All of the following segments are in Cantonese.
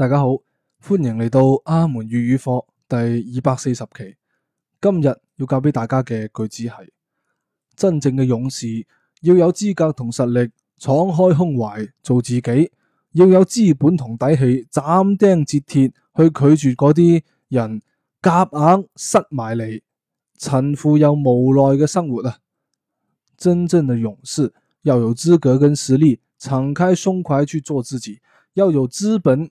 大家好，歡迎嚟到阿門粵語課第二百四十期。今日要教俾大家嘅句子係：真正嘅勇士要有資格同實力，敞開胸懷做自己；要有資本同底氣，斬釘截鐵去拒絕嗰啲人夾硬硬塞埋嚟、陳腐又無奈嘅生活啊！真正嘅勇士要有資格跟實力，敞開胸懷去做自己；要有資本。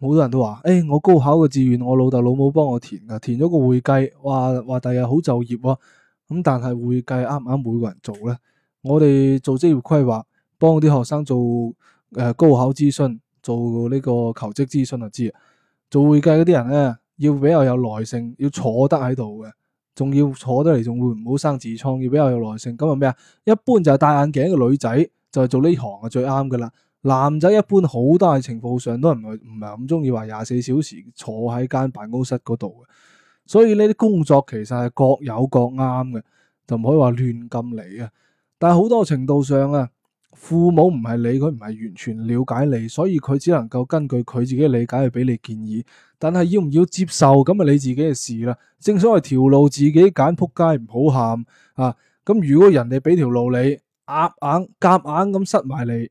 好多人都話，誒、哎，我高考嘅志願我老豆老母幫我填噶，填咗個會計，話話第日好就業喎、哦。咁但係會計啱唔啱每個人做咧？我哋做職業規劃，幫啲學生做誒、呃、高考諮詢，做呢個求職諮詢就知啊。做會計嗰啲人咧，要比較有耐性，要坐得喺度嘅，仲要坐得嚟，仲會唔好生痔瘡，要比較有耐性。咁係咩啊？一般就係戴眼鏡嘅女仔就係、是、做呢行啊最啱噶啦。男仔一般好大程度上都唔係唔係咁中意話廿四小時坐喺間辦公室嗰度嘅，所以呢啲工作其實係各有各啱嘅，就唔可以話亂咁嚟啊。但係好多程度上啊，父母唔係你，佢唔係完全了解你，所以佢只能夠根據佢自己理解去俾你建議，但係要唔要接受咁啊？你自己嘅事啦，正所謂條路自己揀，撲街唔好喊啊！咁如果人哋俾條路硬硬硬硬你，夾硬夾硬咁塞埋你。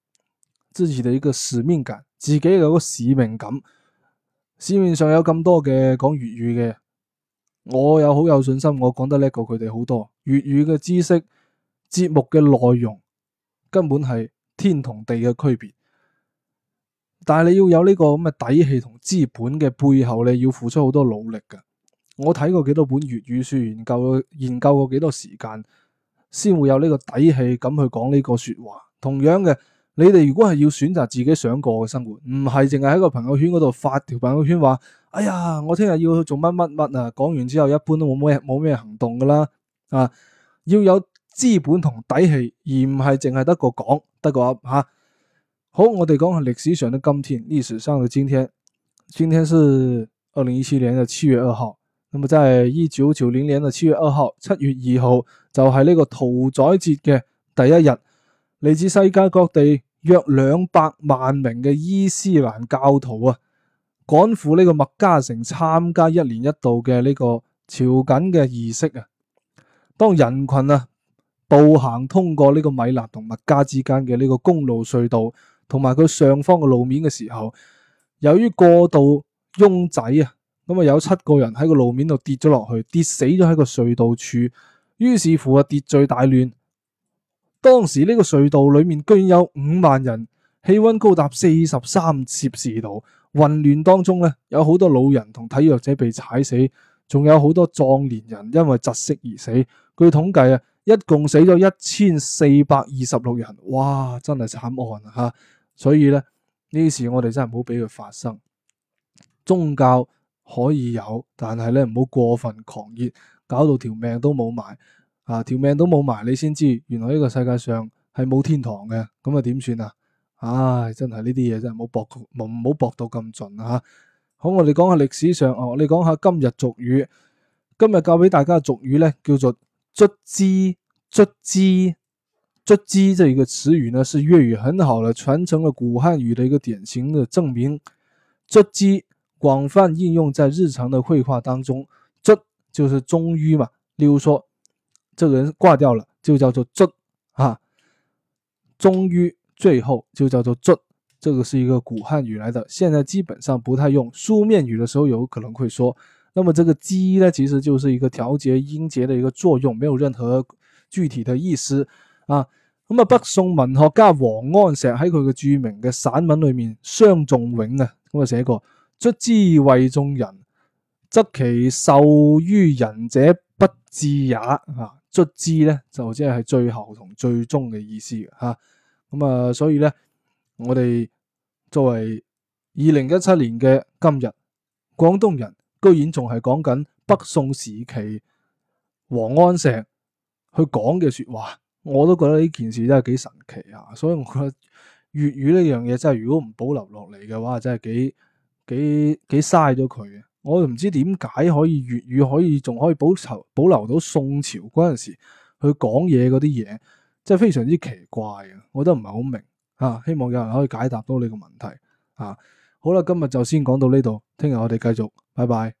支持你一個使命感，自己有個使命感。市面上有咁多嘅講粵語嘅，我有好有信心，我講得叻過佢哋好多。粵語嘅知識、節目嘅內容，根本係天同地嘅區別。但係你要有呢個咁嘅底氣同資本嘅背後，你要付出好多努力噶。我睇過幾多本粵語書，研究研究過幾多時間，先會有呢個底氣咁去講呢個說話。同樣嘅。你哋如果係要選擇自己想過嘅生活，唔係淨係喺個朋友圈嗰度發條朋友圈話：「哎呀，我聽日要做乜乜乜啊！講完之後，一般都冇咩冇咩行動㗎啦。啊，要有資本同底氣，而唔係淨係得個講，得個噏。好，我哋講下歷史上嘅今天。歷史上嘅今天，今天，今天是二零一七年嘅七月二號。那麼，在一九九零年的七月二號，七月二號就係呢個屠宰節嘅第一日，嚟自世界各地。約兩百萬名嘅伊斯蘭教徒啊，趕赴呢個麥加城參加一年一度嘅呢個朝覲嘅儀式啊。當人群啊步行通過呢個米納同麥加之間嘅呢個公路隧道同埋佢上方嘅路面嘅時候，由於過度擁擠啊，咁啊有七個人喺個路面度跌咗落去，跌死咗喺個隧道處，於是乎啊秩序大亂。當時呢個隧道裏面居然有五萬人，氣溫高達四十三攝氏度，混亂當中呢，有好多老人同體弱者被踩死，仲有好多壯年人因為窒息而死。據統計啊，一共死咗一千四百二十六人，哇，真係慘案啊吓！所以呢，呢事我哋真係唔好俾佢發生，宗教可以有，但係咧唔好過分狂熱，搞到條命都冇埋。啊條命都冇埋，你先知原來呢個世界上係冇天堂嘅，咁啊點算啊？唉，真係呢啲嘢真係冇搏，唔搏到咁盡啊！吓，好，我哋講下歷史上哦，我哋、啊、講下今日俗語。今日教俾大家嘅俗語咧，叫做卒之卒之卒之，即係呢個詞語呢，是粵語很好嘅傳承了古漢語嘅一個典型嘅證明。卒之廣泛應用在日常嘅會話當中，卒就是終於嘛，例如說。這個人掛掉了就叫做卒」。啊，終於最後就叫做卒」。這個是一個古漢語來的，現在基本上不太用書面語的時候有可能會說。那麼這個“之”呢，其實就是一個調節音節的一個作用，沒有任何具體的意思啊。咁啊，北宋文學家王安石喺佢嘅著名嘅散文裏面《傷仲永》啊，咁啊寫過：卒之為眾人，則其受於人者不至也啊。卒之咧，就即係最後同最終嘅意思吓，咁啊，所以咧，我哋作為二零一七年嘅今日，廣東人居然仲係講緊北宋時期王安石去講嘅說話，我都覺得呢件事真係幾神奇啊！所以我覺得粵語呢樣嘢真係如果唔保留落嚟嘅話真，真係幾幾幾嘥咗佢啊！我唔知點解可以粵語可以仲可以保留保留到宋朝嗰陣時去講嘢嗰啲嘢，真係非常之奇怪嘅，我都唔係好明吓、啊。希望有人可以解答到呢個問題吓、啊。好啦，今日就先講到呢度，聽日我哋繼續，拜拜。